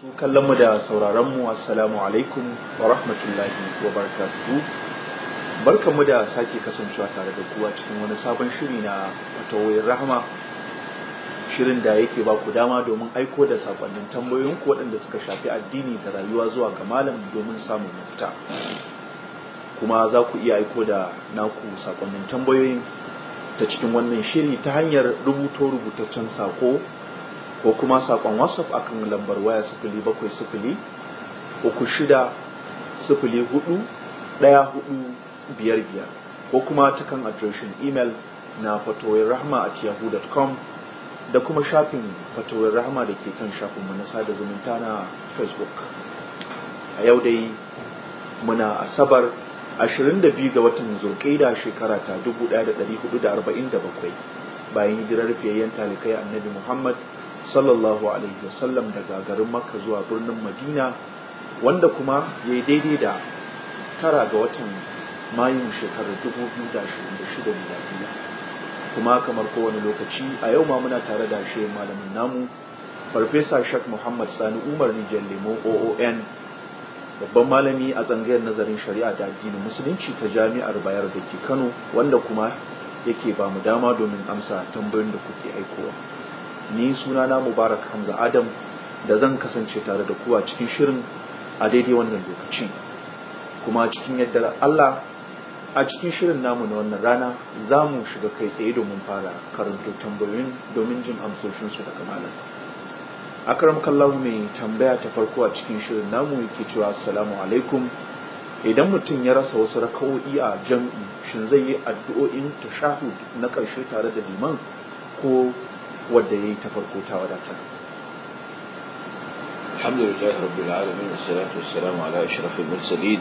sun kallon mu da sauraron mu assalamu alaikum wa rahmatullahi wa barakatuhu barkan mu da sake kasancewa tare da kuwa cikin wani sabon shiri na wata rahma, shirin da yake ba ku dama domin aiko da sakonnin tambayoyin ku waɗanda suka shafi addini da rayuwa zuwa ga malam domin samun mafita kuma za ku iya aiko da naku sakonnin tambayoyin ta cikin wannan shiri ta hanyar rubuto rubutaccen sako ko kuma saƙon whatsapp akan lambar waya sifili bakwai sifili uku shida sifili hudu ɗaya hudu biyar biyar ko kuma ta kan adireshin imel na fatowar rahma at yahoo.com da kuma shafin fatowar rahama da ke kan shafinmu na sada zumunta na facebook a yau dai muna asabar 22 ga watan zulkaida shekara ta 1447 bayan hijirar fiyayyen talikai annabi muhammad sallallahu alaihi wasallam daga garin makka zuwa birnin madina wanda kuma ya yi daidai da tara ga watan mayun shekarar 2026 kuma kamar kowane lokaci a yau ma muna tare da shi malamin namu farfesa shak muhammad sani umar nijar lemo oon babban malami a tsangayar nazarin shari'a da addinin musulunci ta jami'ar bayar da ke kano wanda kuma yake ba mu dama domin amsa tambayoyin da kuke aikowa ni suna na mubarak hamza adam da zan kasance tare da ku a cikin shirin a daidai wannan lokaci kuma cikin yadda Allah a cikin shirin namu na wannan rana za mu shiga kai tsaye domin fara karanto tambayoyin domin jin amsoshinsu daga malam akram kallahu mai tambaya ta farko a cikin shirin namu yake cewa assalamu alaikum idan mutum ya rasa wasu rakawo'i a jam'i shin zai yi addu'o'in tashahud na ƙarshe tare da liman ko wadda ya yi الحمد لله رب العالمين والصلاة والسلام على أشرف المرسلين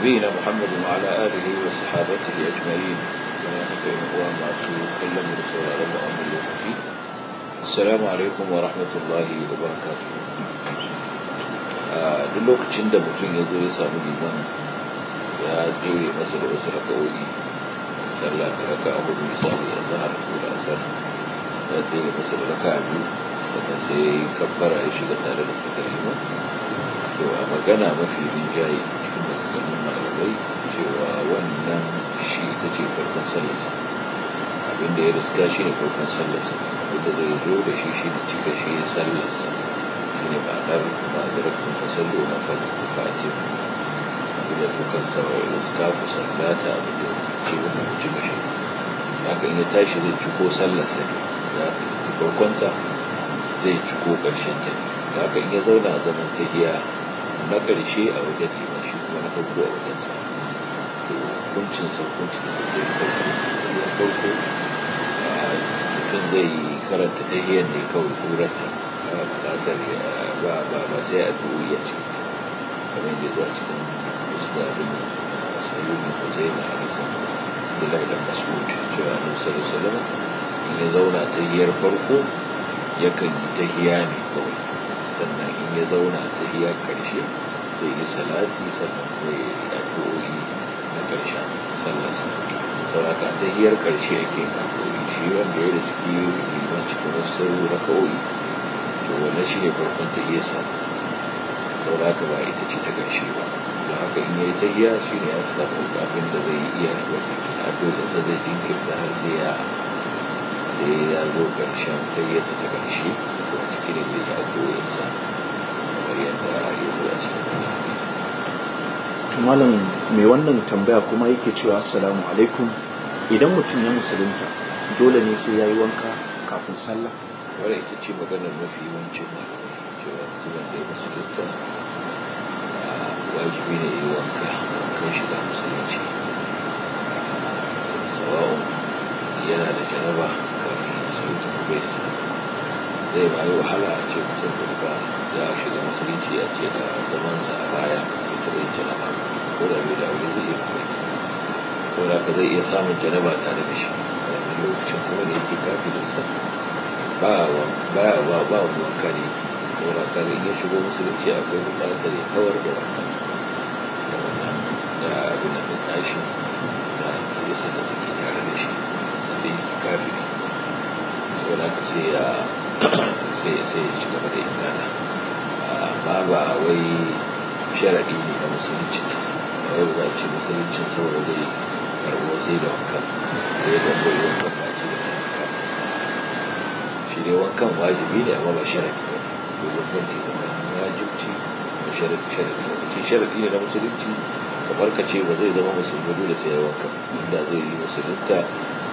نبينا محمد وعلى آله وصحابته أجمعين رسول الله السلام عليكم ورحمة الله وبركاته duk da mutum ya zo ya samu liman ya jure masa da wasu sallah da ya samu da da asar ya ce da kasar raka a biyu sannan sai ya yi kabbara ya shiga tare da sakar ima to a magana mafi rinjaye cikin maganganun malamai cewa wannan shi ta ce farkon sallasa. abinda ya riska shi ne farkon sallarsa abinda zai zo da shi shi ne cika shi sallarsa shi ne ma'anar ma'anar kuma sallo na fatin fatin abinda kuka ya riska ku sallata abinda ke wannan cika shi haka in ya tashi zai ciko sallarsa ne za ka ci farkonsa zai ci ko ƙarshen ta haka in ya zauna a zaman ta iya na ƙarshe a wajen liman shi kuma na farko a wajen sa to kuncin sa kuncin sa zai farko ya farko mutum zai karanta ta iya ne kawai turanta ba buƙatar ba ba ba sai a duhu ya ce kamar yadda zuwa cikin wasu ne ko zai na a nisan da la'ilan mas'ud cewa annabi sallallahu alaihi in ya zauna ta hiyar farko yakan yi tahiya ne kawai sannan in ya zauna ta hiyar karshe zai yi salati sannan zai yi addu'o'i na karshen sallarsa sauraka hiyar karshe ke addu'o'i shi wanda ya riski liman cikin na kawai. to wannan shi ne farkon tahiyarsa sauraka ba ita ce ta karshe ba don haka in ya yi hiyar shi ne ya samu abin da zai iya shi wajen sa zai jinkirta har sai ya da ya zo ƙarshen ƙaryarsa ta ƙarshe ko a cikin da ya addu'o'insa kamar yadda ya zo a cikin wannan hadisi. malam mai wannan tambaya kuma yake cewa assalamu alaikum idan mutum ya musulunta dole ne sai ya yi wanka kafin sallah. wadda yake ce maganar mafi yawancin malamai cewa mutumin da ya musulunta wajibi ne yi wanka wankan shi da musulunci sawa'un yana da jaraba bai da zai bayi wahala a ce mutum da ya shiga musulunci a ce da zamansa a baya ya tare jana'a, ko da bai da wuri zai iya kuma da ka zai iya samun janaba tare da shi wannan lokacin kuma da yake kafirin sa ba ba ba ba wanka ne saboda ka zai iya shigo musulunci akwai bukatar ya kawar da wannan da wannan da abin da tashi da yasa da suke tare da shi sannan yake kafiri wadanda sai ya sai sai shi gaba da ibada amma ba wai sharaɗi ne na musulunci a yau ba ce musulunci saboda zai karbo sai da wankan ya da goyi wankan ba ce da wankan shi dai wankan wajibi ne amma ba sharaɗi ba ne ko wankan ce ba wajibci ba sharaɗi sharadi ba ce sharaɗi ne na musulunci kamar ka ce ba zai zama musulmi dole sai ya wankan inda zai yi musulunta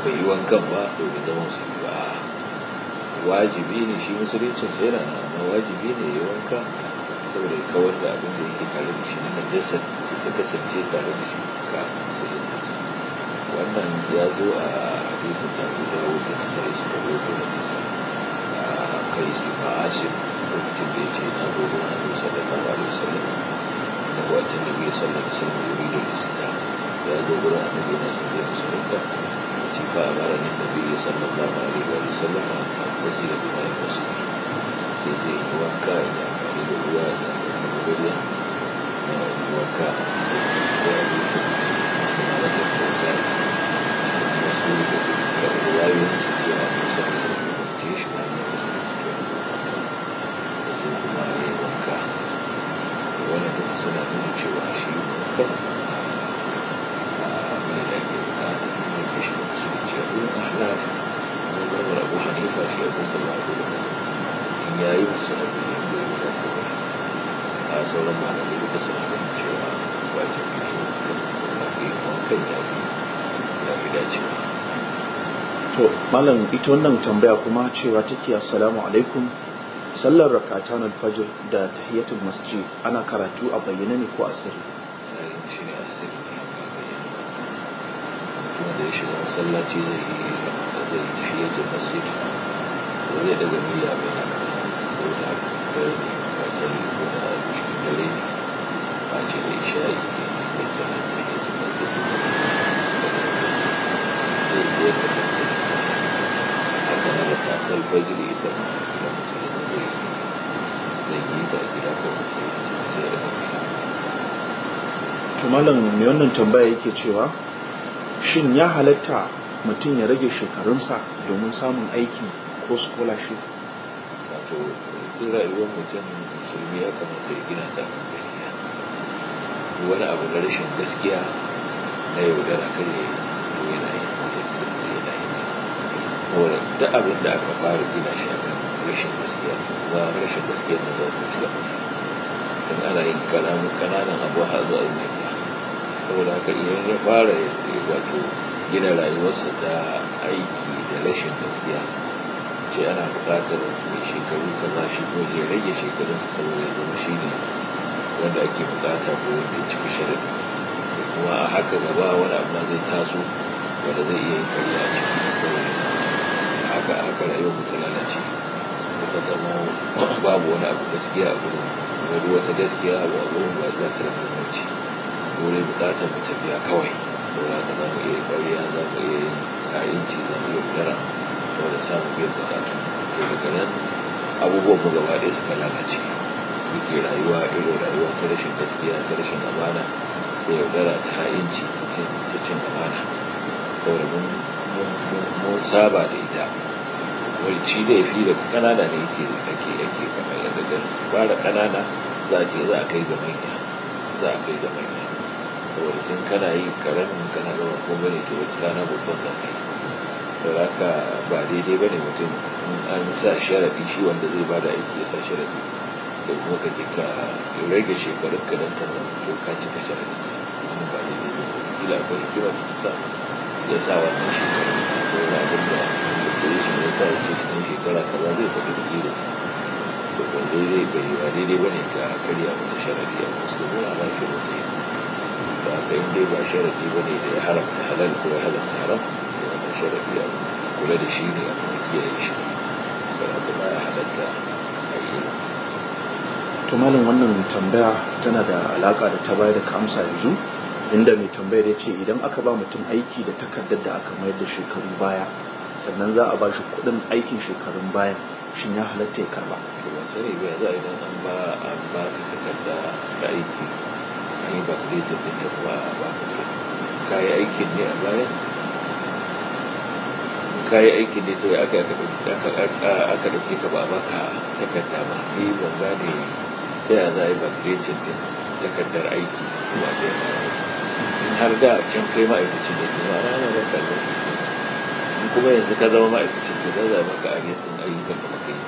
bai yi wankan ba to bai zama musulmi ba wajibi ne shi musulunci sai na amma wajibi ne ya wanka saboda ya kawar da abin da yake tare da shi na najasar da ta kasance tare da shi ka musulunci wannan ya zo a hadisin da abu dawo da nasari suka roƙo da nisa a kai su ma ashir lokacin da ya ce na roƙo na zo ba da wasallam da wacin da bai sallar da sallar da bai da ya zo a nabi na sallar da sallar da ce fa a mara ne da bai sallallahu alaihi wasallam Jadi lebih banyak positif Jadi wakar yang Tidak luar dan kemudian Wakar Jadi Masa-masa Masa-masa Masa-masa Masa-masa manzo sallallahu alaihi wasallam yayi musulmi da ya a sauran malamai da sun san cewa wajibi ne kan kuma ke wankan ya fi ya fi dacewa to malam ita wannan tambaya kuma cewa take assalamu alaikum sallar rakatan alfajr da tahiyatul masjid ana karatu a bayyane ne ko asiri eh, shi ne asiri ne a bayyane kuma da ya shiga masallaci zai yi tahiyatul masjid zai daga da da da sanar da ke cikin malam mai wannan tambaya yake cewa shin ya halatta mutum ya rage shekarunsa domin samun aiki ko su kula shi wato duk rayuwar mutum musulmi ya kamata ya gina ta kan gaskiya wani abu na rashin gaskiya na yaudara kan ya yi yana yin yana yin saboda duk abin da aka fara gina shi akan rashin gaskiya za a rashin gaskiya ta za ta shiga don ana yin kananan abu a zuwa zuciya saboda haka idan ya fara wato gina rayuwarsa ta aiki da rashin gaskiya ce ana buƙatar mai shekaru za shi ko zai rage su saboda ya zama shi ne wanda ake buƙata ko wanda ya cika shirin. kuma a haka gaba wani abu zai taso wanda zai iya yin karya a ciki saboda sa haka a haka rayuwar mu ta lalace ka zama babu wani abu gaskiya a gurin wani wata gaskiya abu a gurin ba za ta da mace dole bukatar mu tafiya kawai saboda haka za mu iya karya za mu iya yin ci za mu iya gara saboda samun biyan bukatu da daga nan abubuwan mu gaba ɗaya suka lalace muke rayuwa irin rayuwa ta rashin gaskiya ta rashin amana da yaudara ta ha'inci ta cin amana saboda mun saba da ita walci da ya fi da kanana ne yake ake ake kamar daga fara kanana za a ce za a kai ga manya za a kai ga manya saboda tun kana yi karamin kana gama kuma ne ke wata rana babban za ka saraka ba daidai ba ne mutum in an sa sharaɗi shi wanda zai ba da aiki ya sa sharaɗi da kuma ka ji ka rage shekarun ka don kana to ka cika sharaɗin sa wani ba daidai ba ne kila akwai hikima da ta sa ya sa wannan shekarun ko wani abin da ya shi ya sa ya ce cikin shekara kaza zai faɗi da jirin sa to ba daidai bai ba daidai ba ne ka karya masa sharaɗi a wasu zuwa na shi mutum ba ka yi dai ba sharaɗi ba ne da ya haramta halal ko ya haramta haram sharafi kiyaye wannan tambaya tana da alaka da ta bayar da kamsa amsa yanzu inda mai tambayar ya ce idan aka ba mutum aiki da takardar da aka mayar da shekaru baya sannan za a ba shi kuɗin aikin shekarun baya shin ya halatta ya karba to ban sani ba za a idan an ba an ba ka takarda da aiki an yi ba ka da ta ba ka ka yi aikin ne a baya ka yi aikin ne to ya aka aka ɗauke ka ba baka takarda ba ni ban gane ne ya za a yi ba kiretin din takardar aiki kuma da ya in har da can kai ma'aikacin da ke ba rana ba ka ɗauke in kuma yanzu ka zama ma'aikacin da za zai maka sun ayyukan da maka yi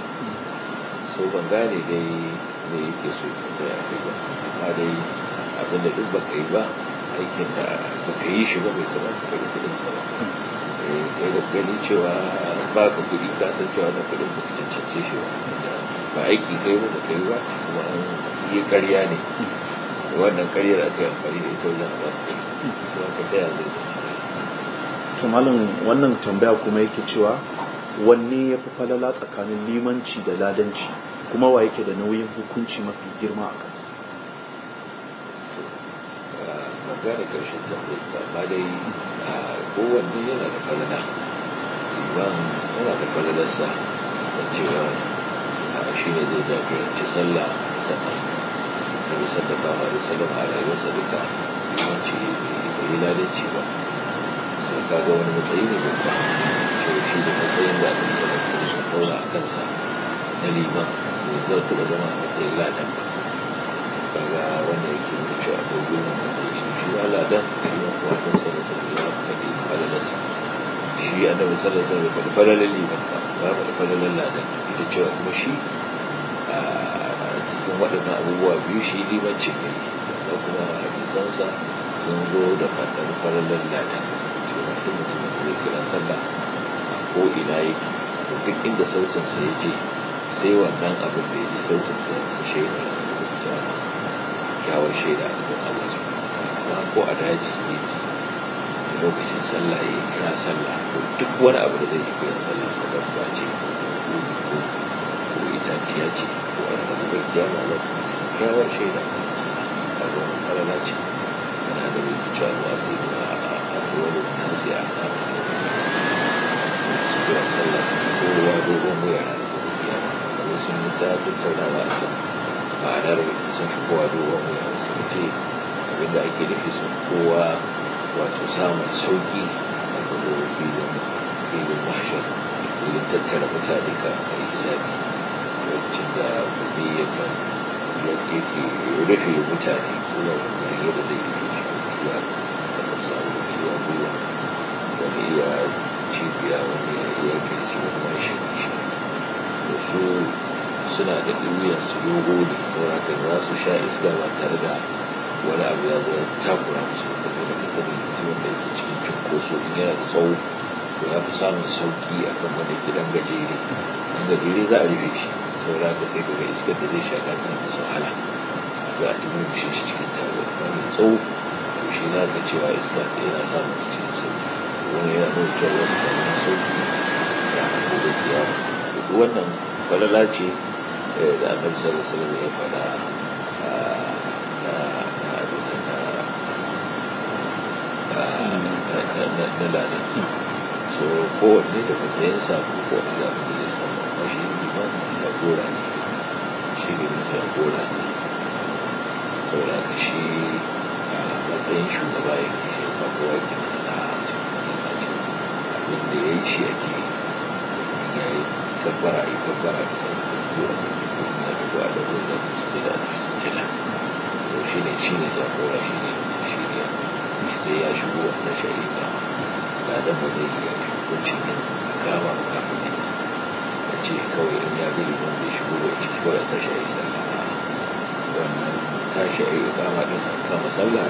so ban gane dai me yake so da ya kai ba amma dai abinda duk baka yi ba aikin da baka yi shi ba bai kamata ka yi kuɗin sa ba gani cewa eh, ba ka kuɗi ka san cewa na kudin ba ka cancance shi ba ba aiki kai ba kai ba kuma an yi karya ne wannan karyar a kai amfani da ita wajen ba su ka taya zai to malam wannan tambaya kuma yake cewa wanne ya fi falala tsakanin limanci da ladanci kuma wa yake da nauyin hukunci mafi girma a kansa magana ƙarshen tambayar ba dai kowanne yana da falala imam yana da falalarsa da cewa shi ne zai jagoranci sallah a sannan da sallallahu da wasallam a rayuwarsa duka ce da yi ce ba sai ka ga wani matsayi ne babba ce shi da matsayin da aka sallar sai sun daura a kansa na liman da zai da zama a matsayin ladan ba kaga wanda yake nuna cewa akwai gudun matsayi shi shi ladan liman kuma kansa da sallar ya faɗi falalarsa shi annabi sallallahu da wasallam bai falalar liman ba ba ba falalar ladan da cewa kuma shi a cikin waɗannan abubuwa biyu shi limancin ne da kuma hadisansa sun zo da fadar falalar ladan cewa duk mutumin da zai kira sallah a ko ina yake to duk inda sautinsa ya je sai wannan abin da ya ji sautinsa ya masa shaida da kyawun shaida a cikin Allah su wa ko a daji ya ji lokacin sallah ya kira sallah ko duk wani abu da zai kira sallah sadaka ce ko itaciya ce ko an zama da kiyama ba kyawar shaida a ruwan falala ce yana da mai cewa ba a kai da a ruwan nasi a kasa su kira sallah su ko ruwa dogon wuya a ruwan kiyama kuma sun yi ta tattaunawa a kan ma'anar sun fi kowa dogon wuya sun ce abinda ake nufi sun kowa wato samun sauki a kudu filin filin mahshar filin tattara mutane ka a hisabi lokacin da gobe ya kan ke rufe mutane kuma ya da zai yi shi kuma da samun kiwa gwiwa wani ya cibiya wani ya kirji wani shi shi da su suna da duniyar su dogo ne ko haka za su sha iska ba tare da wani abu ya zo ya su musu da kuma da sanin mutumin da yake cikin cunkoso in yana da tsawo to ya fi samun sauki a kan wanda yake dan gajere dan gajere za a rufe shi saboda haka sai ka ga iskar da zai shaka tana da wahala to a cikin shi cikin taro wani tsawo to shi na ga cewa iska ta yana samun cikin sauki wani yana nuna cewa wani samun sauki ya hanko da kiyawa wannan falala ce eh, da annabi sallallahu alaihi wasallam ya faɗa na lalaki so kowanne da matsayinsa ko kowanne da da ya samu amma shi limamin jagora ne shi ne jagora ne saboda ka shi a matsayin shugaba yake shi yasa kowa yake masa da cikin masallacin abin da ya yi shi ake ya yi tabbara a yi tabbara a kan kuskura kuma da ruwa da ruwa da su da su jila to shi ne shi ne jagora shi ne sai ya shigo wannan shari'a ba da ba zai iya hukuncin yin kama kafin ne a ce kawai in ya gari ban zai shigo ba ciki ba ta shari'a sallah wannan ta shari'a kama din kama sallah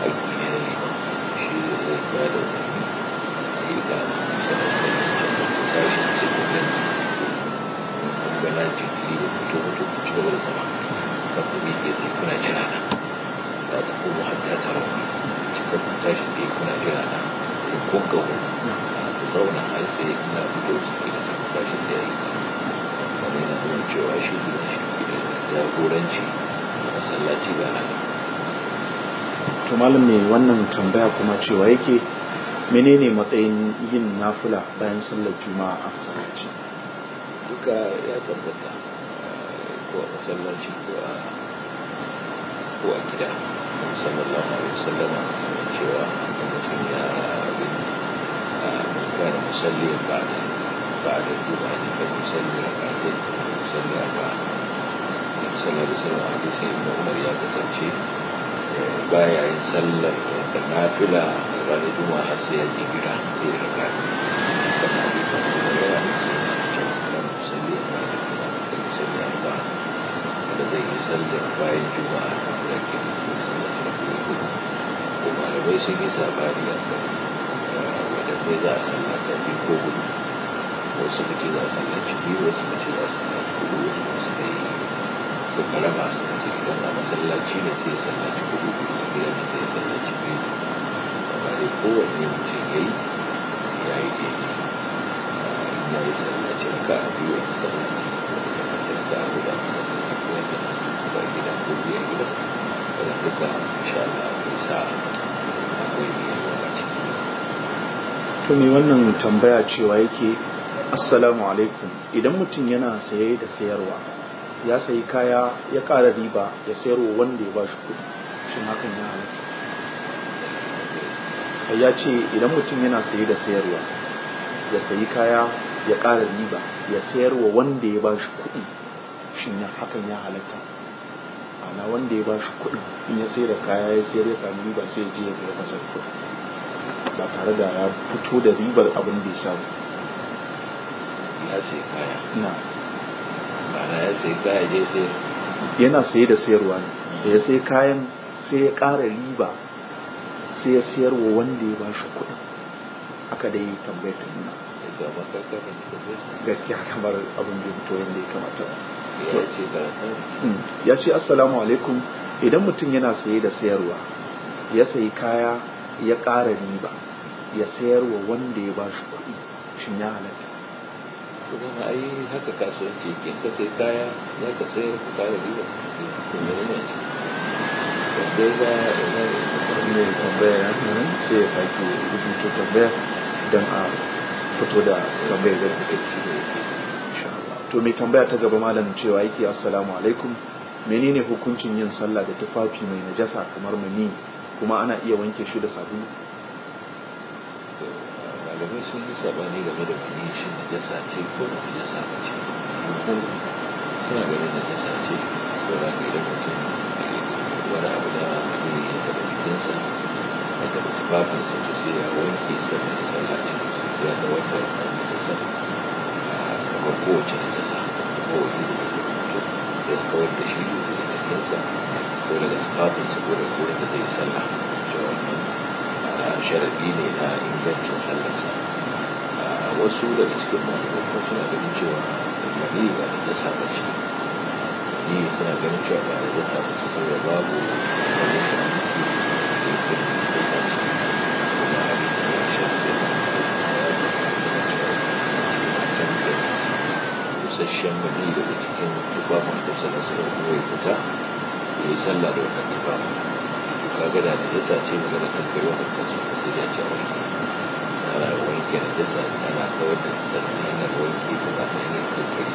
haƙƙi ne da liman shi zai ba da wani haƙiƙa sallah sallah sallah tashin sai kuɗin gana jikiri da fito mutu ku ci gaba da zama kafin ne ke zai kuna jira na za ta komo hatta ta rawa tashi sai kuna jira na in kun ga ku ku zauna har sai ina fito ciki da ku tashi sai yi wani yana nuna cewa shi ne shi ne jagoranci da masallaci ba na to malam ne wannan tambaya kuma cewa yake menene matsayin yin nafula bayan sallar juma'a a masallaci duka ya tabbata eh, ko a masallaci ko a gida sallallahu alaihi wasallam cewa da mutum ya kare musalli ba da ba da duba a cikin musalli a ƙarfi musalli a ba musallar da sanar a bisa inda ya kasance eh, baya yin sallar da nafila da ranar juma'a sai ya gida sai ya da a da a da zai yi sallar bayan malamai sun yi sabani a kan wadanda za a sallata biyu ko hudu wasu ka ce za a sallaci biyu wasu ka ce za a sallaci hudu wasu ka suka yi suka raba suka da idan a masallaci ne sai sallaci hudu a gida ne sai sallaci biyu sabani kowanne mutum ya yi ya yi ya yi sallaci raka a biyu a masallaci wani sallaci a hudu a masallaci ko ya sallaci ba gida ko biya gida wadanda duka insha Allah ya sa to mai wannan tambaya cewa yake assalamu alaikum idan mutum yana saye da sayarwa ya sayi kaya ya ƙara riba ya sayarwa wanda ya ba shi kuɗi shin hakan ya halatta ya ce idan mutum yana saye da sayarwa ya sayi kaya ya ƙara riba ya sayarwa wanda ya ba shi kuɗi shin hakan ya halatta ana wanda ya ba shi kuɗi in ya sayar da kaya ya sayar ya sami riba sai ya je ya kai masa kuɗi ba tare da ya fito da ribar abin da ya samu ya sai kaya na na ya sai kaya je sai yana saye da sayarwa ne da ya sai kayan sai ya kara riba sai ya sayarwa wanda ya bashi kuɗin aka dai tambayar ta nuna gaskiya kamar abin da fito yadda ya kamata hmm. ya ce assalamu alaikum idan mutum yana saye da sayarwa ya sayi kaya ya ƙara riba ya sayar wa wanda ya ba shi kuɗi shin ya halatta to ba ai haka kasuwanci yake ka sai kaya za ka sayar ka ƙara riba ko me ne ce wanda ya ne tambaya ya sai ya sake rubutu tambaya don a fito da tambayar da take ciki to mai tambaya ta gaba malam cewa yake assalamu alaikum menene hukuncin yin sallah da tufafi mai najasa kamar mani kuma ana iya wanke shi da sabulu galibin sun yi sabani game da wani shi jasa ce ko na jasa ba ce suna ganin jasa ce ko da ka idan mutum wani abu da mutum ya taɓa jikinsa ya taɓa tufafinsa to sai ya wanke shi da mai sallah ce sai ya da wata a kamar kowace ko kowace da wani mutum sai ya kawar da shi لسه دول الاسقاط صدور الكون الذي يسلح sharadi ne na cikin tufafin da sallallahu alaihi wasallam ya fita ya yi sallah da wannan tufafin kaga da da yasa ce magana kan kai wannan kasu sai ya ce wani ana wanke da dasa ana kawar da sallah da wanke da ba ta yin kankari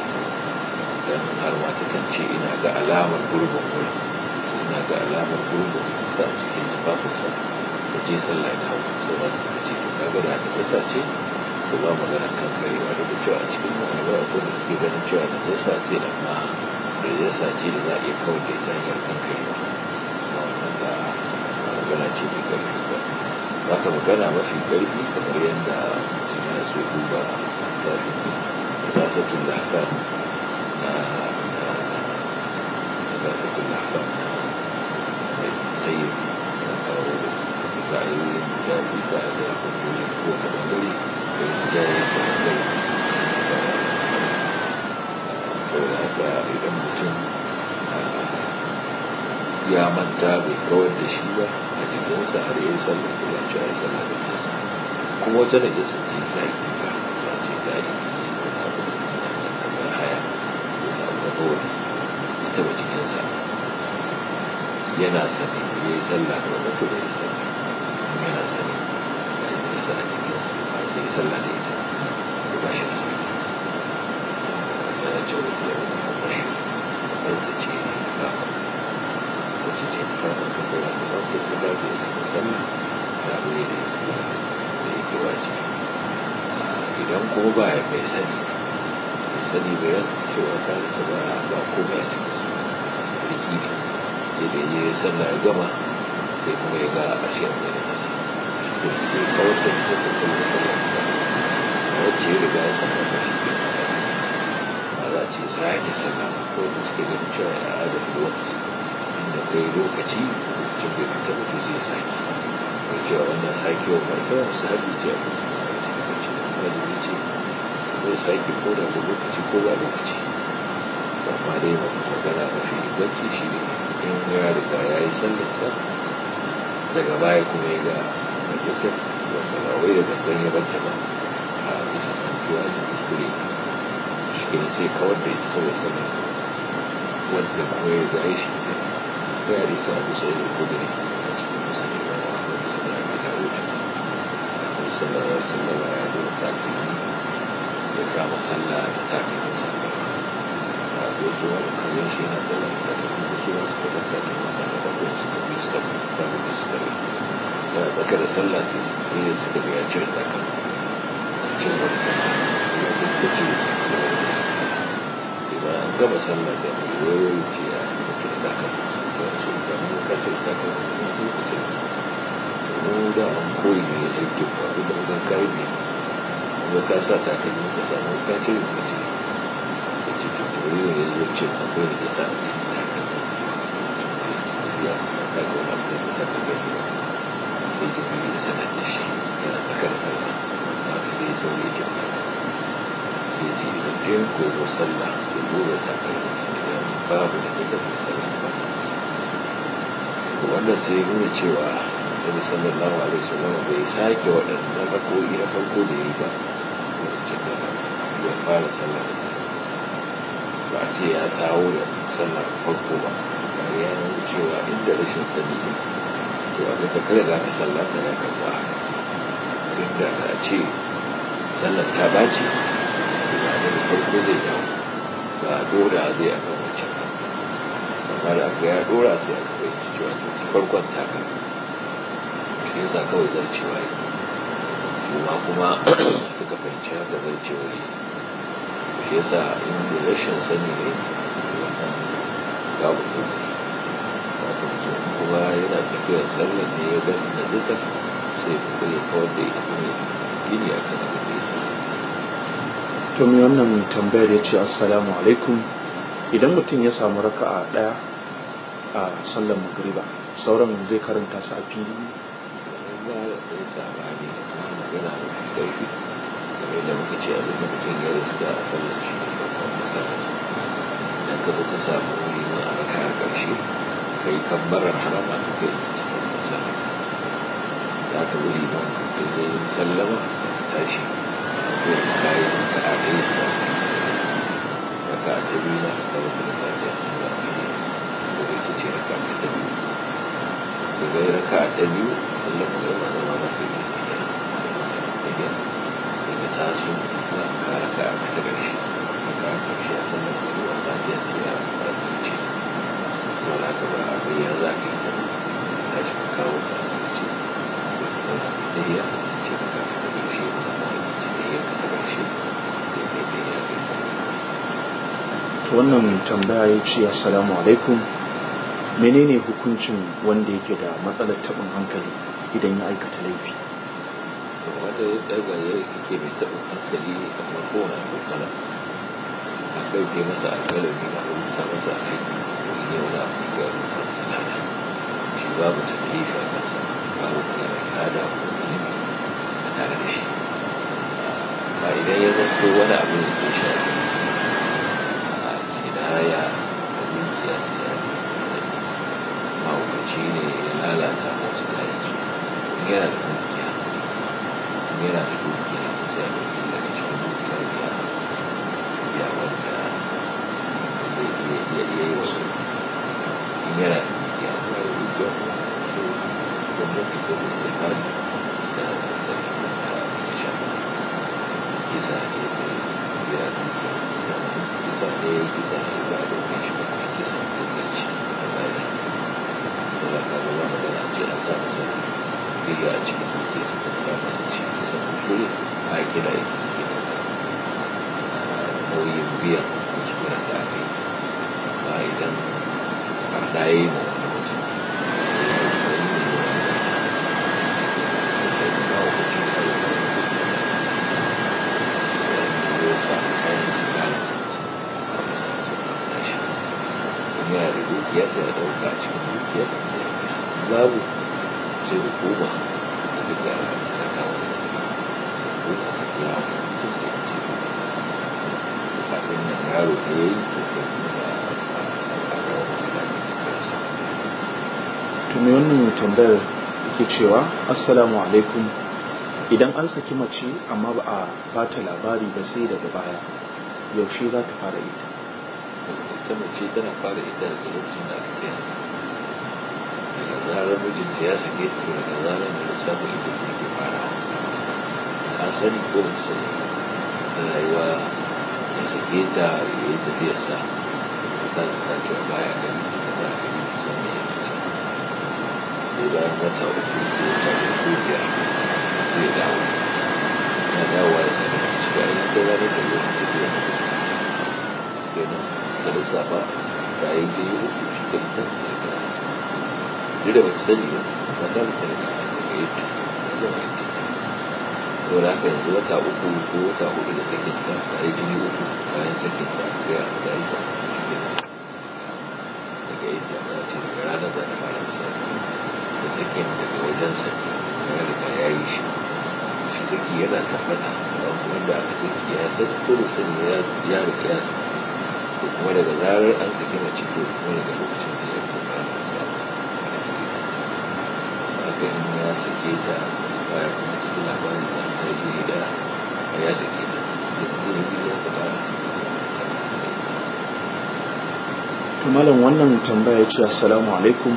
dan har ma ta kance ina ga alamar gurbin wurin ina ga alamar gurbin sa cikin tufafinsa. sa ta je sallah da hau sai ba ta ce to kaga da da yasa ce to ba magana kan kai karewa da cewa a cikin ba a da suke ganin cewa da zai sa ce amma da zai sa ce da za a iya kawai da ita hanyar kan kai ba wannan ba magana ce mai karfi ba za ka magana mafi karfi kamar yadda mutum ya so duba zafin za ta tun da na za ta tun da na tayyib na kawo da ra'ayoyin ya kuma ya manta bai kawar da shi ba a jikinsa har yi sallar da ya cewa ya sallar da nasa kuma wata ne da sun ce daji ba ba ce daji wani abu ta kamar haya wani abu ba wani ita ba jikinsa yana sani ya yi sallar da wani kuma ya sallar kuma ba ya mai sani mai sani bai rasa cewa ta rasa ba ba komai a cikin su da ne sai da yi sallah ya gama sai kuma ya ga a ashirin da ya da sai kawar da ita ta sallah sallah ta wacce ya riga ya sallah ta shi ke ba za ce sake sallah ko da suke ganin cewa ya da lokaci inda kai lokaci cikin bai fita mutu zai sake ko cewa wannan sakewa mai kyau su haɗi ce a kusa da ce zai sake ko da lokaci ko ba lokaci amma dai magana mafi inganci shi ne in ya riga ya yi sallar sa. daga baya kuma ya ga majalisar wanda ba wai da gangan ya bacce ba a bisa kantuwa da kuskure shi ne sai kawar da ita saboda sallar wanda kuma ya ga ya shi ya risa abu sai da kudin wasallam ya zo da takin ya sallah da takin sallah sabo da sallan na sallah da takin da da bakwai su ka da bi da tsaka da suka gama sallah sai yi mu da koyi ne aikin ba da wajen kayi ne wanda ka sa takalmi ka samu ka ce ka ce ka ce ta tori ne ya ce sa cikin ya ka ga wani abu da sa ka gani sai ta biyu ya sanar da shi yana tsakar sallah ba ka sai sauri ya ce ba ya ce idan ɗayan koyo sallah ya dole babu da ta tafi sallah wannan sai nuna cewa annabi sallallahu alaihi wasallam bai sake waɗannan rako'i na farko da yi ba lokacin da ya fara sallar da ba a ce ya tsawo da sallar farko ba bari ya nuna cewa inda rashin sani ne to a da kada za ka sallah ta ya karɓa duk da a ce sallar ta bace ba da farko zai dawo ba dora zai a kan wacce ba amma da aka ya dora sai aka kawai cewa farkon takar shi yasa kawai zarcewa yi amma kuma suka fahimci haka zarcewa yi shi yasa in da rashin sani ne ga babu kuma wato mutum kuma yana tafiyar sallar ne ya gani na duka sai kuma ya kawar da ita kuma gini a kan abin da yake to mai wannan tambayar ya ce assalamu alaikum idan mutum ya samu raka'a daya a sallar magriba sauran zai karanta su a fili sabani amma magana mafi ƙarfi game da muka ce abin da mutum ya riska a sallar shi ne babban masalarsa da ka zo ka samu liman a raka a ƙarshe kai kabbarar harama ka kai ta cikin masalar za ka wuri ba in ya yi sallama da ka tashi a kowane kayan ka a ɗaya da raka a ka da wata da tafiya da ake yi da ita ce raka ta biyu daga raka ta biyu mujallafi da wata zama kai ne daga taso za ka kara ka a ta ƙarshe ka kara ƙarshe a sannan ka zuwa fatiya ce a asirce saboda ka ba a ya za ka yi ta ta shi ka kawo ta asirce sai ka zauna ka da yi asirce ka kara ta ƙarshe ka kara ta yi ka ta ƙarshe sai ka yi ta yi a kai sannan. to wannan tambaya ya ce assalamu alaikum menene hukuncin wanda yake da matsalar taɓin hankali idan ya aikata laifi wanda ya daga ya ke mai taɓa hankali a farko kowane alƙala a ɗauke masa alƙalami a rubuta masa aiki wani yau za a ɗauke a rubuta masa lada shi babu taklifi a kansa babu kalmar lada ko kalmi a tare da shi ba idan ya zanto wani abu ne ke shafi a kinaya da dukiya misali Ma'aikaci ne ya lalata wasu kayan era di confiare, non era di confiare, non era di confiare, ci sono tutti che abbiamo, abbiamo entrato, di allievo, non era di confiare, era di confiare, con molti cose che fanno, da essere confiare, diciamo, chissà che è, non era di confiare, chissà che è, chissà che è, gida a cikin mulki ta gudanar da shi saboda shi a kira ita ke nauyin biyan kuskuren da aka yi ba idan har ɗaya yi to mai wannan tambayar yake cewa assalamu alaikum idan an saki mace amma ba a bata labari ba sai daga baya yaushe za ta fara ita ita mace tana fara ita da lokacin da ake tsaya daga zarar mijinta ya sake ta daga zarar da lissafin ita ne ke fara a sani ko ba sani da rayuwa ya sake ta ya yi tafiyarsa ta ta ce baya ganin ta ba sai bayan wata uku ko wata uku ko sai dawo yana ya sami a ciki a yi kai ranar da zai fito da mutu kenan da lissafa da yi uku shi da ta da da bata sani ba ba ta da tare da daga yadda da yawa yadda saboda haka yanzu wata uku ko wata uku da sakinta ta yi jini uku bayan sakinta ya ta yi ta daga yadda za a ce ranar da ta fara da daga wajen saki ya riga ya yi shi shi saki yana tabbata amma kuma da aka saki ya saki kudu sani ya riga ya saki ko kuma daga zarar an saki mace ko kuma daga lokacin da ya fi fara sa haka in ya sake ta baya kuma cikin labarin da ta je da ya sake ta da kuma da ya ta fara to malam wannan tambaya ce assalamu alaikum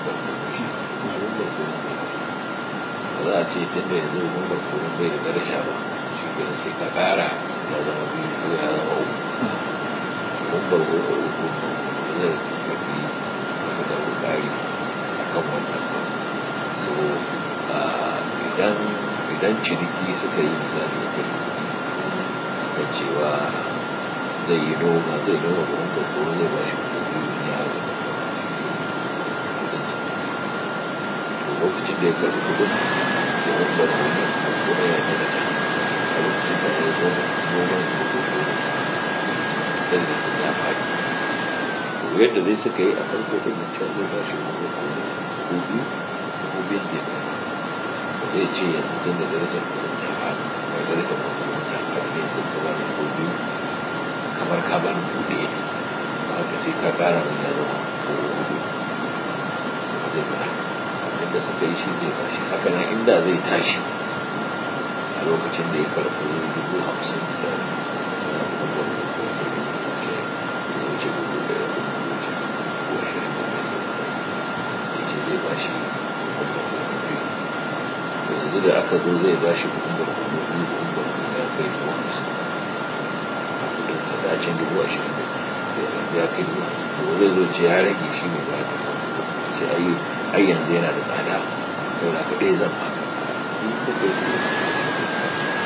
za a ce tun bai zai mun bar kurin bai da daraja ba shi ke sai ka kara ya zama biyu ko ya zama uku mun bar uku uku zai kafi wata da bukari a kan wannan ba so idan idan ciniki suka yi misali ta kai da cewa zai yi noma zai noma da wanda ko zai ba shi kuɗi ya ga lokacin da ya karɓi kuɗin yadda zai suka yi a farko da mutum zai ba shi wani kuma ko biyu ko da ya ba zai ce yanzu tun da darajar kuma ta ba ba darajar kuma ta ba ne ko ka ba ni ko kamar ka ba ni kuɗi ne ba haka sai ka ƙara wani zama ko zai ba da suka yi shi zai bashi haka nan inda zai tashi a lokacin da ya karɓi dubu hamsin da ya wuce da ya ce zai bashi da aka zo zai bashi hukumar da ya kai hamsin a dubu ashirin da ya kai to zai zo ce ya rage shi mai ba ce ayyuka ai yanzu yana da tsada saboda ka ɗaya zan baka ɗaya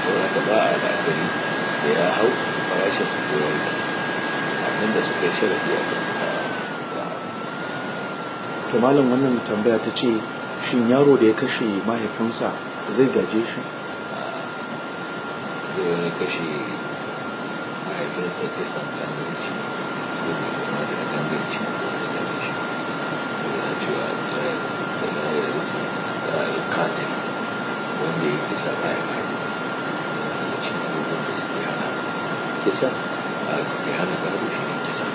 saboda ka ba a la'akari da ya hau farashin su ko wani kasa abin da suka yi sharafi a kan to malam wannan tambaya ta ce shin yaro da ya kashe mahaifinsa zai gaje shi da ah, wani kashe mahaifinsa ta san ganganci ko kuma da ganganci kisa a tsakanin garbu shi ne kisa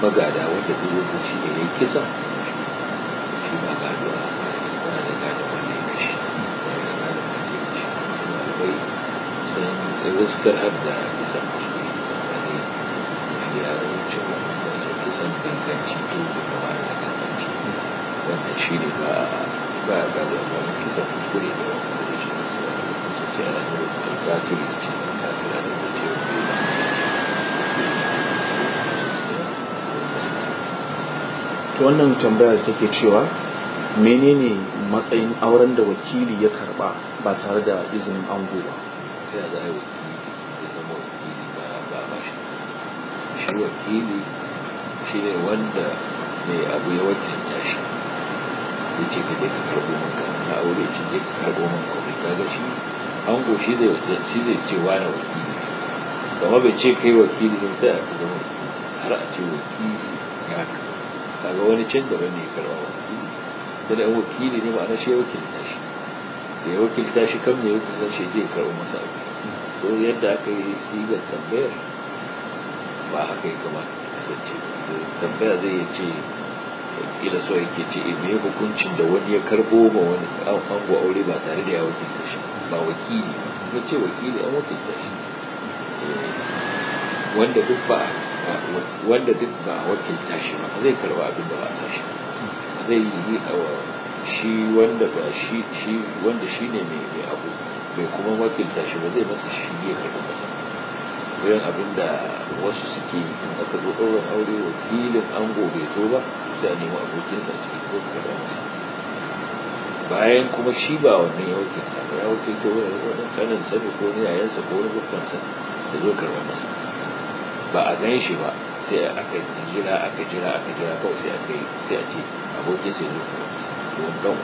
magada wanda duk wanda shi ne ya kisa shi a da wanda ya kisan musulmi wani shi ba ba bisa kuskure da wanda da shi da su su ce a ne da kafiri ce da kafira da da ce wani da to wannan tambaya da take cewa menene matsayin auren da wakili ya karba ba tare da izinin ango ba sai a zai wakili da zama wakili ba ba ba shi shi wakili shi ne wanda mai abu ya wakilta shi ya ce ka je ka karbo maka na aure ce je ka karbo min ta kaga shi ango shi zai shi zai ce wani wakili kuma bai ce kai wakili ne ta ka zama har a ce wakili ya ka kaga wani can daban ne karba wakili da da wakili ne ma'ana shi ya wakilta shi da ya wakilta shi kam ne ya wakilta shi zai karbo masa abu to yadda aka yi sigar tambayar ba haka ya kamata kasance tambaya zai ce kila so yake ce eh me hukuncin da wani ya karbo ma wani ango aure ba tare da ya wakilta shi ba wakili ba ce wakili an wakilta shi eh, wanda duk ba wanda duk ba wakilta shi ba zai karba abin da ba a sashi zai yi shi wanda ba shi shi wanda shine mai abu bai kuma wakilta shi ba zai masa shi ya karba masa irin abin da wasu suke yi in aka zo ɗaurin aure wakilin ango bai zo ba sai a nemi abokinsa cikin ko da masa bayan kuma shi ba wannan ya wuce sa ya wakilta wani kanin ne ko wani yayansa ko wani bukkansa da zo karɓa masa ba a gan shi ba sai aka jira aka jira aka jira kawai sai aka yi sai a ce abokin sai zo karɓar masa ko wani ɗan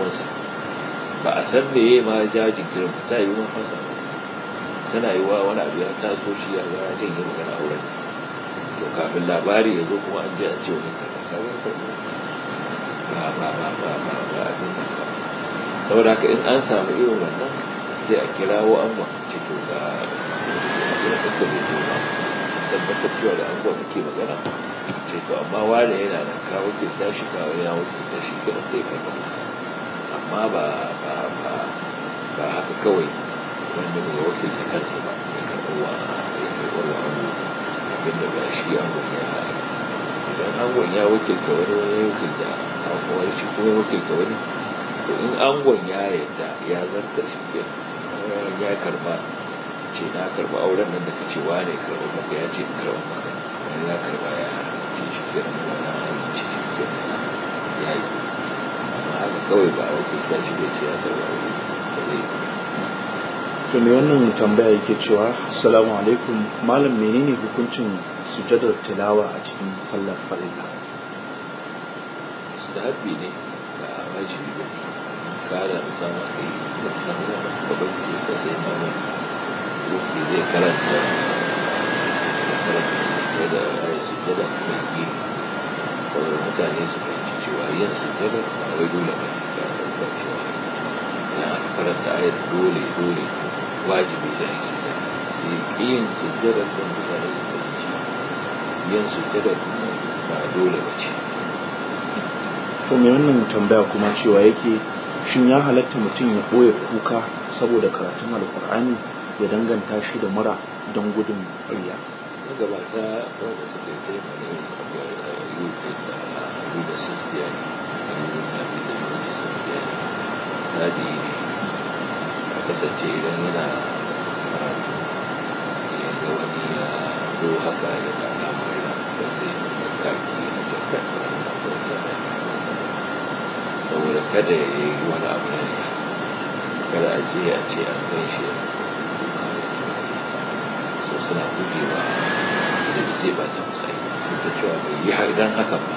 uwansa ba a san me ma jajin girma ta yi wani fasa tana yi wa wani abu ya taso shi ya ya janye magana auren to kafin labari ya zo kuma an ji an ce wani kaza ba ba ba ba ba ba a jin ba saboda haka in an samu irin wannan sai a kirawo an ba cikin ga tabbatar cewa da abubuwa kake magana ce to amma wane yana da kawo ke tashi kawo ya wuce tashi shi kira sai karɓar musa amma ba ba ba ba haka kawai wanda bai wakilta kansa ba ya karɓi wa ya karɓi wa abin da ba shi angon ya haɗa idan angon ya wakilta wani wani ya wakilta angon wani shi kuma ya wakilta wani to in angon ya yadda ya zarta shi ke ya karɓa ce na karɓa auren nan da ka ce wa ne karɓa maka ya ce karɓa maka wani ya karɓa ya haɗa shi shi ke nan wani ya haɗa shi ke nan ya yi amma haka kawai ba a wakilta shi bai ce ya karɓa wani ba zai yi to wannan tambaya yake cewa assalamu alaikum malam menene hukuncin sujadar tilawa a cikin sallar farilla sahabi ne ba a wajibi ba kada da sama kai da sama da babban ke sai na wani wanda zai karanta da karanta sujada da yi sujada kuma yi saboda mutane su fahimci cewa yin sujada ba wai dole ba ne ba cewa na karanta ayat dole dole wajibi sai an yi ta yin da mutane su fahimci yin sujjadar ba dole ba ce to me wannan tambaya kuma cewa yake shin ya halatta mutum ya ɓoye kuka saboda karatun alkur'ani ya danganta shi da mura don gudun ƙarya magabata wanda suka kai taimaka da yuke da abu da sun fiye da abu da sun fiye da kusajili nina ga wani ruwa haka ya da namar da zai kaki na jakar saboda kada ya yi wani abu na ne kada a je a ce an gan shi so suna gujewa da zai ba ta musayi ta cewa bai yi har dan haka ba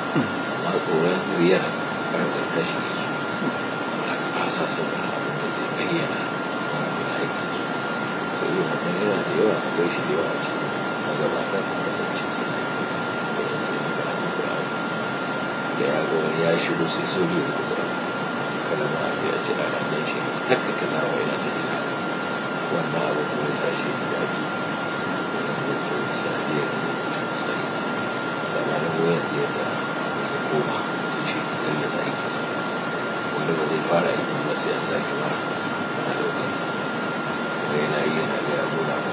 amma tsoron riyar karkar tashi ne su ba sa saboda abin da zai bayyana da yawa akwai shi da yawa a cikin magabata sun kasance sun da ya sai da alƙur'ani da ya ga wani ya shiru sai sauri da alƙur'ani kalama da ya ce a ranar shi takka kana wa yana ta tuna wannan abu kuma ya sashi da daɗi wannan zato sanadiyar da ya fi sani samanin wayan da yadda ya koma su shi tsalle ta aikin sa wanda ba zai fara aikin ba sai an sake ba a lokacin da yana yi yana da ya gona ba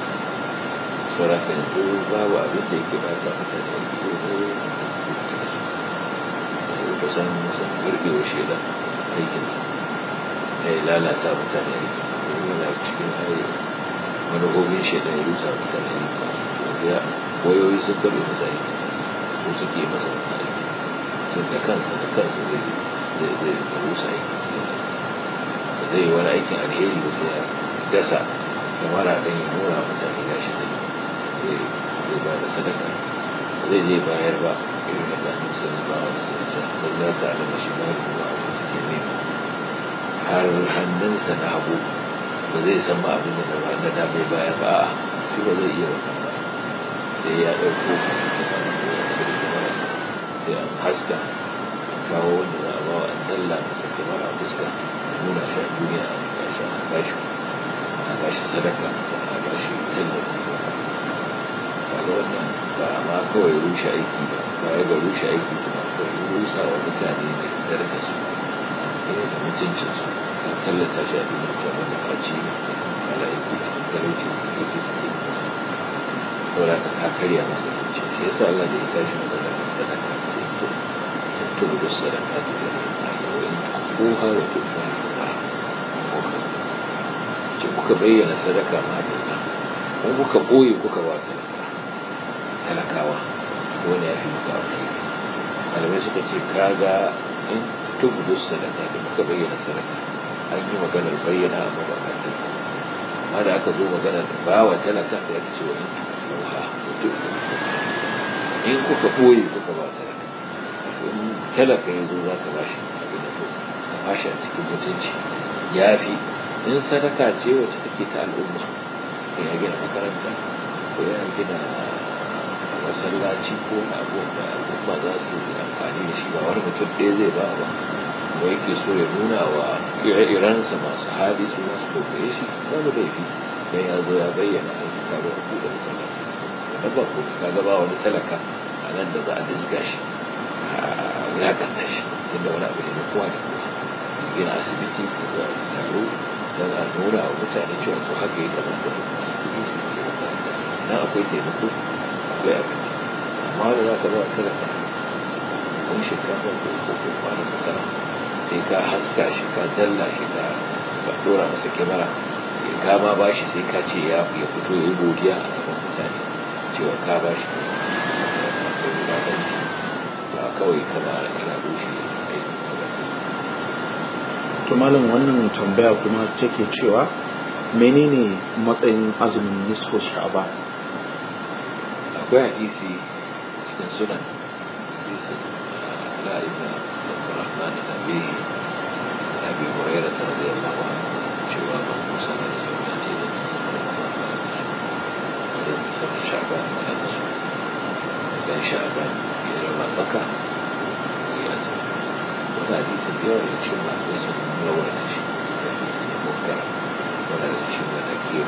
saboda ka ko babu abin da yake ba ta mutane da kusan sun gurbewa shaida aikinsa ya lalata mutane aikinsa domin yana cikin hari manufofin shaidan ya rusa mutane aikinsa ya koyoyi sun gabe masa aikinsa ko suke masa wani aiki sun da kansa da kansa zai zai rusa aikinsa ba zai yi wani aikin alheri ba sai ya dasa kamar a ɗan yi nuna mutane gashi da zai ba da sadaka ba zai bayar ba irin da ɗan sallallahu alaihi wasallam sai za ta alama shi ba da ba har hannunsa na hagu ba zai san ba abin da ba na da bai bayar ba a'a shi ba zai iya wannan ba sai ya ɗauko a cikin marasa sai an haska kawo wanda za a ba wa an dalla masa kamar a fuska nuna shi a duniya a gashi a gashi sadaka a gashi tallafi da wannan ba ma kawai rushe aiki ba baya ga rushe aiki kuma kawai rusa wa mutane da darka su da mutuncin su an tallata shi a duniya ta wani kwaci ala aiki cikin talauci da ke cikin kasa saboda ka ka karya masa zuciya shi yasa Allah da ya tashi magana da sadaka ce to تبدو الصدقات لله وإن تخفوها وتؤتوها الفقراء kuka bayyana sadaka ma da in kuka ɓoye kuka ba wata talakawa wani ya fi muku alkhairi malamai suka ce kaga in tubu sadaka da muka bayyana sadaka an yi maganar bayyana a mabakatan amma da aka zo maganar da wa talaka sai aka ce wa in tubuha in kuka koyi kuka ba talaka in talaka ya zo za ka ba shi abin da to ka ba shi a cikin mutunci ya fi in sadaka ce wacce take ta al'umma ko ya gina makaranta ko ya gina masallaci ko na abubuwan da al'umma za su yi amfani da shi ba wani mutum ɗaya zai ba ba kuma yake so ya nuna wa ire-irensa masu hali su masu kokaye shi babu laifi don ya zo ya bayyana aiki ta ruwan kuɗa da salati da ba ko ka gaba wani talaka a nan da za a dizga shi a wulaƙanta shi inda wani abu ne na kowa da kowa yana asibiti ko za a taro don a nuna wa mutane cewa to haka ya kamata da kuma su ke na akwai taimako da ya za ka zo a kada ka ko ko ko ko kwanan sai ka haska shi ka dalla shi ka ka masa kyamara ya kama ba sai ka ce ya fito ya godiya a gaban cewa ba kawai malam wannan tambaya kuma take cewa menene matsayin azumin nisfu sha'aba koja isi iskan sunan isim لا إله إلا الرحمن النبي أبي هريرة رضي الله عنه جواب موسى رسول الله إذا انتصر رمضان فلا تصوم وإذا انتصر شعبان فلا تصوم فإن شعبان في رمضان ويأسف وما ليس اليوم يجمع ليس من أول شيء ليس منكر ولا شيء نكير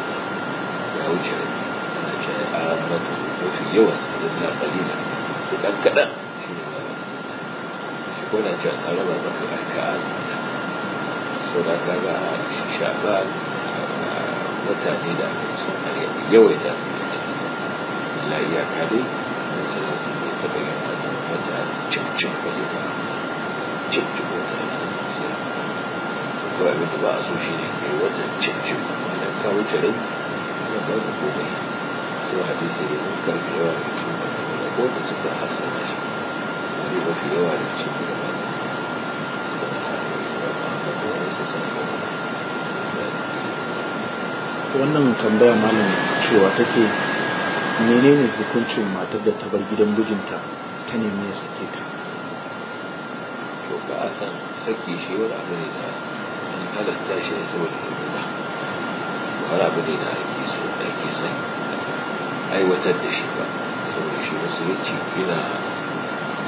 wuce ana ce a ramatu mafi yawan da na kalila su ɗan kaɗan shi ne zama shi ko na ce a raba maka arka'an sau da ka ga shaɓa mutane da aka kusan yawaita a cikin sa la iyaka dai na sanar sun ne taɓa yin wannan wata cikin wasu ka cikin wata na sosai ko abin da ba a so shi ne kai wata cikin jarin ya ne wannan tambaya malam cewa take menene hukuncin matar da ta bar gidan mijinta ta nemi ya sake ta to ba a san saki shi wani abu ne da an halatta shi ne saboda hukuma wani abu ne da ake so da ake son aiwatar da shi ba saboda shi musulunci gina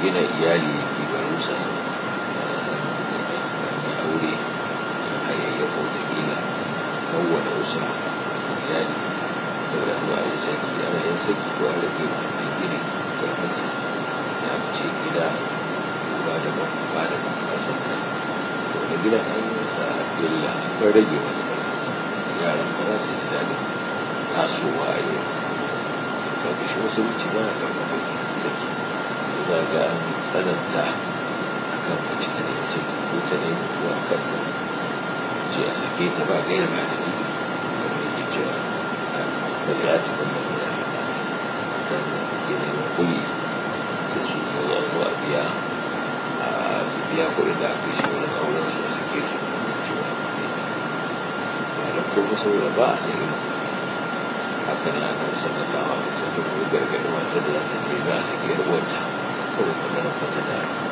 gina iyali yake ba rusa da aure da ta gina kowane rusa iyali saboda a yi saki ana yin saki ko an rage a gini karfinsa da aka ce gida ba da ba da mafasar kan to da gidan an yi sa illa akwai rage wasu karfinsa yaran ba za su yi daɗin kowa a yau ka ga shi wasu wuce ba ka karɓa saki za ga tsananta a kan ta ko ta nemi ko a kan ce a sake ta ba gaira ba da nini kamar yake cewa ta ga ya taɓa da ta da suke neman kuɗi da su ko a biya a su biya kuɗin da aka shi wani auren su a sake su ba da kuma saboda ba a sai haka na annabi sallallahu alaihi da ya gargaɗi da za ta ga yarwarta saboda magana fata da da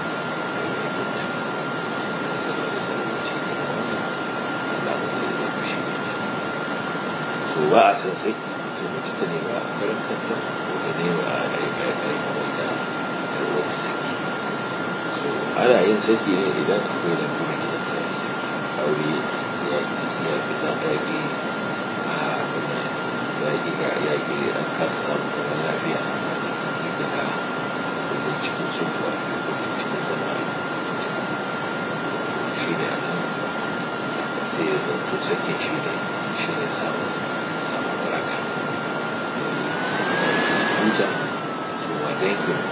so a san nema ta saki so yin saki ne idan akwai da gidan aure ya fita gida ya ke kasa samun lafiya sai cikin ga kudin cikin sulwa ko cikin zama shi ne a nan sai ya zanto sakin shi ne shi ne samun samun waraka. Huta, su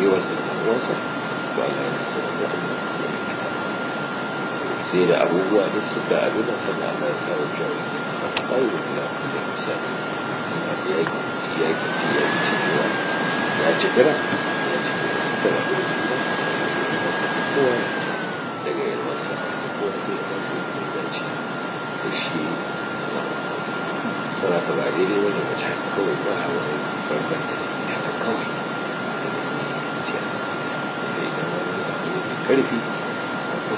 zamantakewarsa da uwansa to da zama da ke aikata sai da abubuwa duk suka abin da sannan Allah ya kawo kyau ba kawo da kula da misali yana da yaki ci yaki ci ci yawa ya ci kira ya ci kira su ta ba da kowa daga yalwarsa kowa zai ɗauke da dace da shi ba ba daidai wani mace kawai ba a wani barbanta da kawai ƙarfi da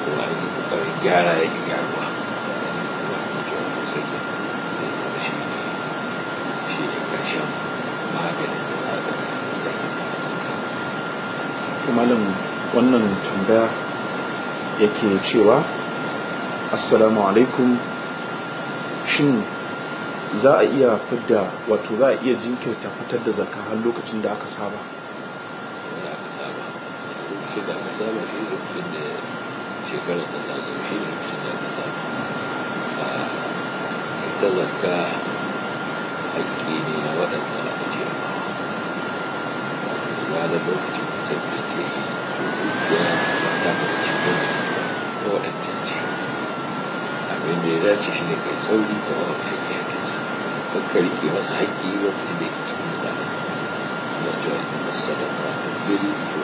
kuma an yi ƙoƙarin gyara ya gyaruwa kuma an yi kyau ko sake zai zama shi ne shi ne ƙarshen maganin da za a zama kuma nan wannan tambaya yake cewa assalamu alaikum shi za a iya fidda wato za a iya jinkirta fitar da zakka har lokacin da aka saba ce ba a samu shi lokacin da shekarar ta ta zama da aka samu a ita haƙƙi ne na waɗanda aka ce ba ba da lokacin da ta ce ya ta ta cikin da waɗancan ce abin da ya dace shi ne kai sauri ga wani haƙƙi haƙƙinsa kakkari ke masa haƙƙi lokacin da ya ke cikin da ta ce cewa ita masu sadaka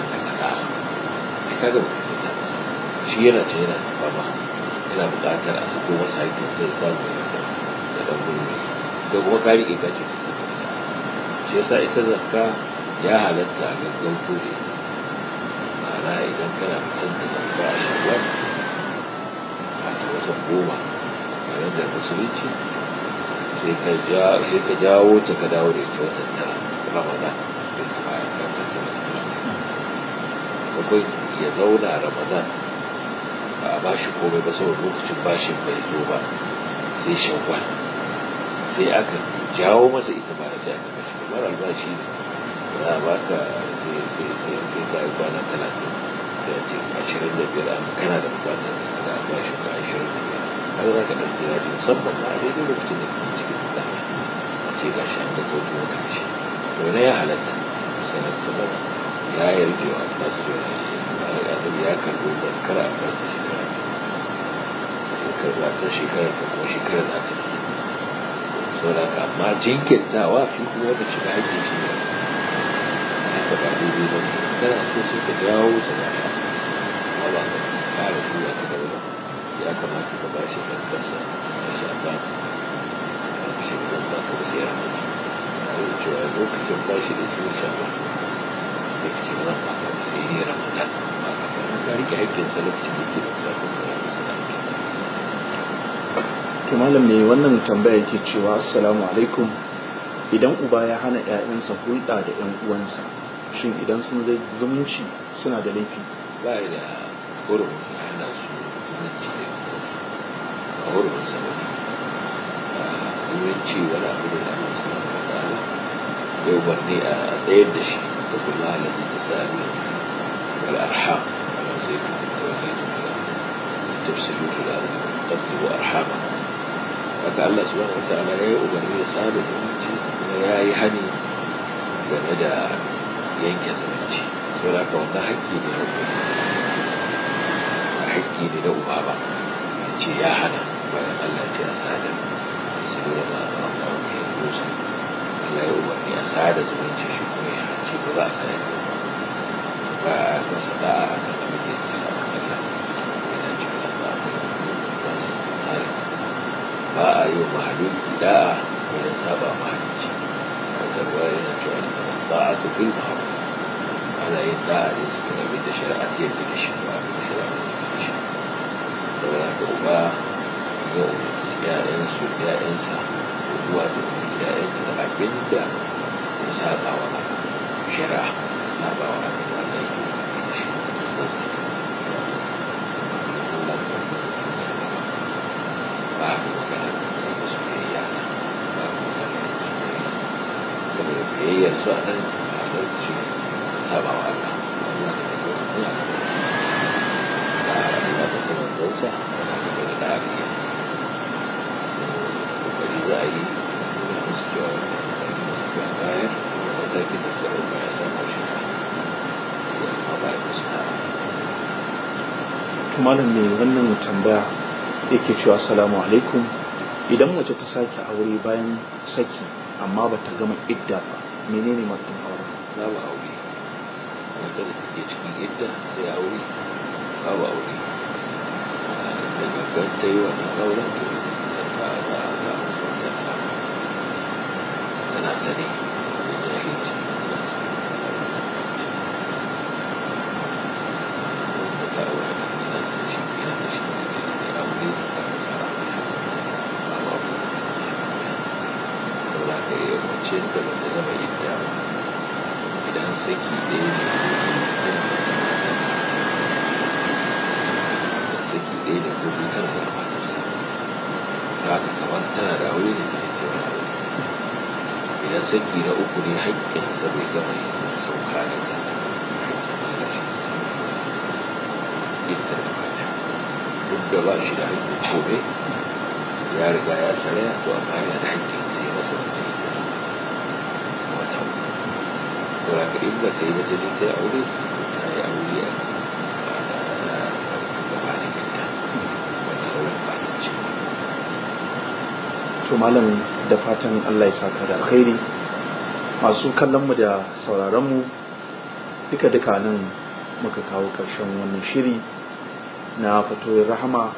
kaga shi yana ce yana fama yana buƙatar a sako wasu haƙƙin sai samu da ɗan gurbi da kuma ka riƙe ce su saka masa shi yasa ita zakka ya halatta a gaggauto da ita ma'ana idan kana fitar da zakka a shawar a ta wata goma a da musulunci sai ka jawo ta ka dawo da ita wata tara ramadan maimakon ya zauna ramadan ba a bashi komai ba saboda lokacin bashin bai zo ba sai shawwal sai aka jawo masa ita ba sai aka bashi kamar albashi ne za a baka sai sai sai sai ka yi kwana talatin da ya ce ashirin da biyar an kana da bukatar da a bashi ka ashirin da biyar har za ka ɗan jira ji musamman ma a daidai lokacin da kuma cikin da a ce ga shi an da kotu wata ce to ne ya halatta sanar sanar ya yarje wa Allah su yana yi ya karbi zakar a ba su shekara ya a ta shekara ta kuma shekara za ta yi sauran ka amma jinkirtawa fi kuma wata shiga haƙƙin shi ne a ta ba da ba kana so sai ka jawo ta ba ya ba ka kara tura ta gaba ya kamata ka ba shi ɗan ƙasa a shafa a shi ka ba ka wasu a yi cewa lokacin ba shi da shi shafa malam ne wannan tambaya ke cewa assalamu alaikum idan uba ya hana yayansa hulɗa da yan uwansa shin idan sun zai zumunci suna da laifi ba da hurumin hana su zumunci da a uwansu ba hurumin a ba ah, cewa da abu da Allah subhanahu wa yau ne a tsayar da shi وتقول الله الذي تسألني والأرحاق على زيك التوحيد والتبسل في الأرض وتقدر أرحاقا فتعالى الله سبحانه وتعالى يا أبني صالح ومتي ويا يهني لمدى ينكز منتي ولا كون حكي لنوبابا حكي لنوبابا يا حنا ويا الله تي أسعد سبحانه وتعالى الله يوسف Allah ya umarni a sada zumunci shi kuma ya ce ba za a sada ba ba a masa da a kan abin da ya sa Allah yana cikin Allah ba su tsari ba a yi wa mahaluki da'a wajen saba mahalicci wata ruwa yana cewa da ba a ta fi ma'aru ana yin da a ne cikin abin da shari'a ta yadda da shi ba abin da shari'a ta yadda da shi saboda ka ba yau yayansu yayansa zuwa ta يعرف أنك جدا إسابة وشراح إسابة وعليك نفسك بعد مكانة المسؤولية بعد مكانة المسؤولية فالمسؤولية سؤالا على الشيء سبع وأربع لا تكون الزوجة ولا تكون العافية وجزائي matakin da suka ya samu shi amma ba ya kusa to malam ne wannan tambaya yake cewa Salamu alaikum idan wace ta sake aure bayan saki amma ba ta gama idda ba menene matsayin aure babu aure wanda da take cikin idda sai aure babu aure da gangan ta yi wannan auren to ba ba ba tana sani saki na uku ne haƙƙin sa bai gama sauka da ta duk da ba shi da haƙƙin kome ya riga ya saraya to amma yana da haƙƙin ta ya masa yi ita wata wura ka in ba ta yi mata ne ta yi aure ta yi aure a gabanin ita wata auren ba ta ce to malam da fatan Allah ya saka da alkhairi masu kallon mu da mu duka duka nan muka kawo ƙarshen wannan shiri na fatoyin rahama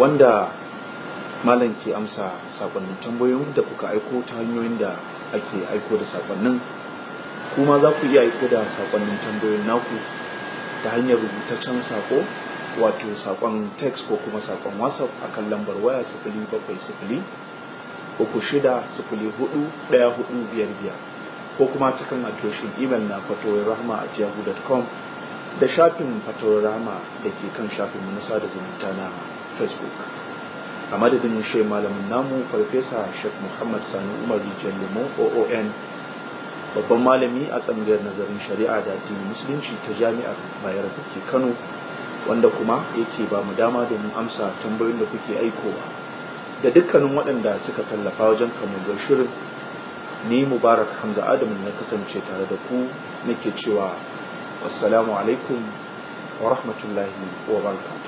wanda malam ke amsa sakonnin tambayoyin da kuka aiko ta hanyoyin da ake aiko da saƙonnin, kuma za ku iya aiko da saƙonnin tambayoyin naku ta hanyar rubutaccen sako wato saƙon text ko kuma saƙon whatsapp a kan lambar waya sifili bakwai sifili uku shida sifili hudu daya hudu biyar biyar ko kuma cikin adireshin imel na fatowar rahama a jihu.com da shafin fatowar rahama da ke kan shafin minisa da zumunta na facebook a madadin shi malamin namu farfesa shek muhammad sani umar rijiyar lemo oon babban malami a tsangiyar nazarin shari'a da addinin musulunci ta jami'ar bayar da ke kano wanda kuma yake ba mu dama domin amsa tambayoyin da kuke aikowa da dukkanin waɗanda suka tallafa wajen kamar shirin ni mubarak hamza adamu na kasance tare da ku nake cewa assalamu alaikum wa rahmatullahi wa barakatuh